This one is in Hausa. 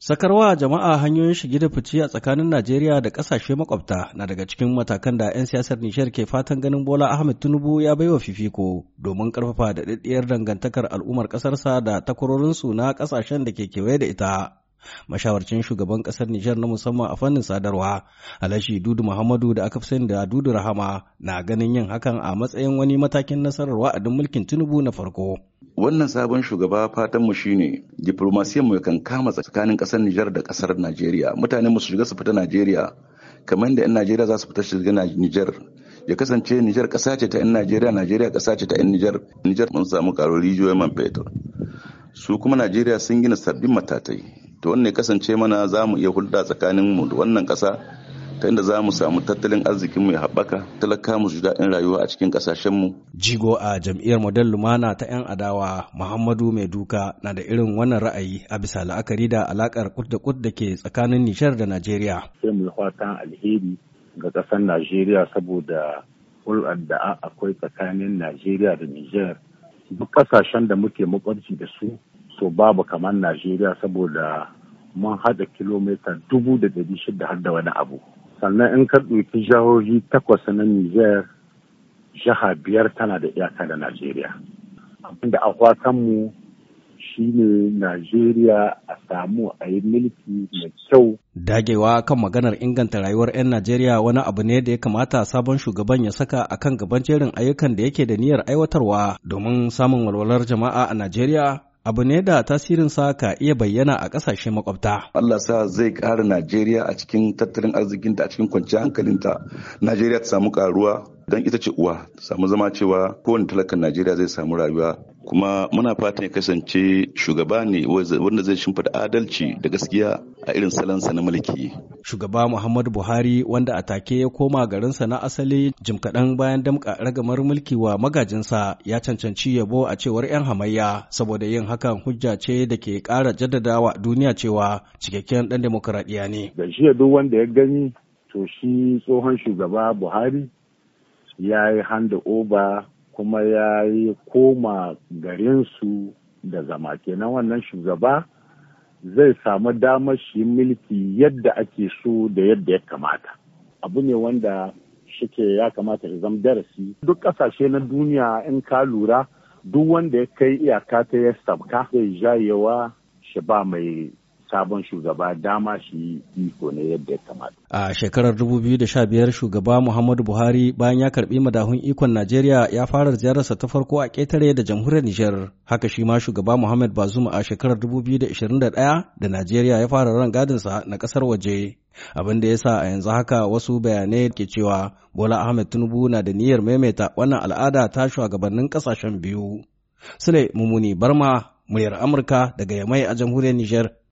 Sakarwa a jama'a hanyoyin shige da fice a tsakanin Najeriya da ƙasashe makwabta na daga cikin matakan da 'yan siyasar Nishar ke fatan ganin Bola Ahmed Tinubu ya baiwa fifiko domin ƙarfafa da daɗaɗɗiyar dangantakar al'ummar ƙasarsa da takwarorinsu na ƙasashen da ke kewaye da ita. Mashawarcin shugaban ƙasar Nijar na musamman a fannin sadarwa, Alhaji Dudu Muhammadu da aka fi da Dudu Rahama na ganin yin hakan a matsayin wani matakin nasarar wa'adin mulkin Tinubu na farko. wannan sabon shugaba fatan mu shine diplomasiyan mu kan kama tsakanin kasar Nijar da kasar Najeriya mutanen mu su shiga su fita Najeriya kamar yadda 'yan Najeriya za su fita shiga Nijar ya kasance Nijar kasa ce ta 'yan Najeriya Najeriya kasa ce ta 'yan Nijar Nijar mun samu karo rijiyoyin man fetur su kuma Najeriya sun gina sabbin matatai to wannan ya kasance mana za mu iya hulɗa tsakanin mu da wannan kasa ta inda za mu samu tattalin arzikin mu ya haɓaka talaka mu ji daɗin rayuwa a cikin ƙasashen mu. Jigo a jam'iyyar Model Lumana ta 'yan adawa Muhammadu duka na da irin wannan ra'ayi a bisa la'akari da alaƙar kud da da ke tsakanin Nishar da Najeriya. Sai mu fatan alheri ga ƙasar Najeriya saboda hulɗar da akwai tsakanin Najeriya da Nijar. Duk ƙasashen da muke makwabci da su so babu kamar Najeriya saboda mun haɗa kilomita dubu da ɗari shida har da wani abu. sannan in ka ɗauki jihohi takwas na Nijar jiha biyar tana da iyaka da Najeriya. Abinda a fatanmu shi ne Najeriya a samu a yi mulki mai kyau. Dagewa kan maganar inganta rayuwar 'yan Najeriya wani abu ne da ya kamata sabon shugaban ya saka a kan gaban jerin ayyukan da yake da niyyar aiwatarwa domin samun walwalar jama'a a Najeriya abu ne da tasirin sa ka iya bayyana a ƙasashe makwabta. Allah sa zai ƙara Najeriya a cikin tattalin arzikinta a cikin kwanciyar hankalinta. Najeriya ta samu ƙaruwa don ita ce uwa ta samu zama cewa kowane talakan Najeriya zai samu rayuwa kuma muna fatan ya kasance shugaba ne wanda zai shimfada adalci da gaskiya a irin salansa na mulki. Shugaba Muhammadu Buhari wanda a take ya koma garinsa na asali jim kaɗan bayan damƙa ragamar mulki wa magajinsa ya cancanci yabo a cewar 'yan hamayya saboda yin hakan hujja ce da ke ƙara jaddadawa duniya cewa cikakken ɗan demokuraɗiyya ne. Da shi duk wanda ya gani to shi tsohon shugaba Buhari ya yi hand oba kuma ya yi koma garinsu da zama kenan wannan shugaba. zai samu damar shi mulki yadda ake so da yadda ya kamata abu ne wanda shike ya kamata ya zama darasi duk ƙasashe na duniya in ka lura duk wanda ya kai iyaka ta ya sabka zai jayewa shi ba mai sabon shugaba dama shi iko ne yadda ya kamata. A shekarar 2015 shugaba Muhammadu Buhari bayan ya karbi madahun ikon Najeriya ya fara ziyararsa ta farko a ƙetare da jamhuriyar Nijar. Haka shi ma shugaba Muhammad Bazum a shekarar 2021 da Najeriya ya fara ran gadinsa na ƙasar waje. Abin da ya sa a yanzu haka wasu bayanai ke cewa Bola Ahmed Tinubu na da niyyar maimaita wannan al'ada ta shugabannin ƙasashen biyu. Sule Mumuni Barma, muryar Amurka daga Yamai a jamhuriyar Nijar.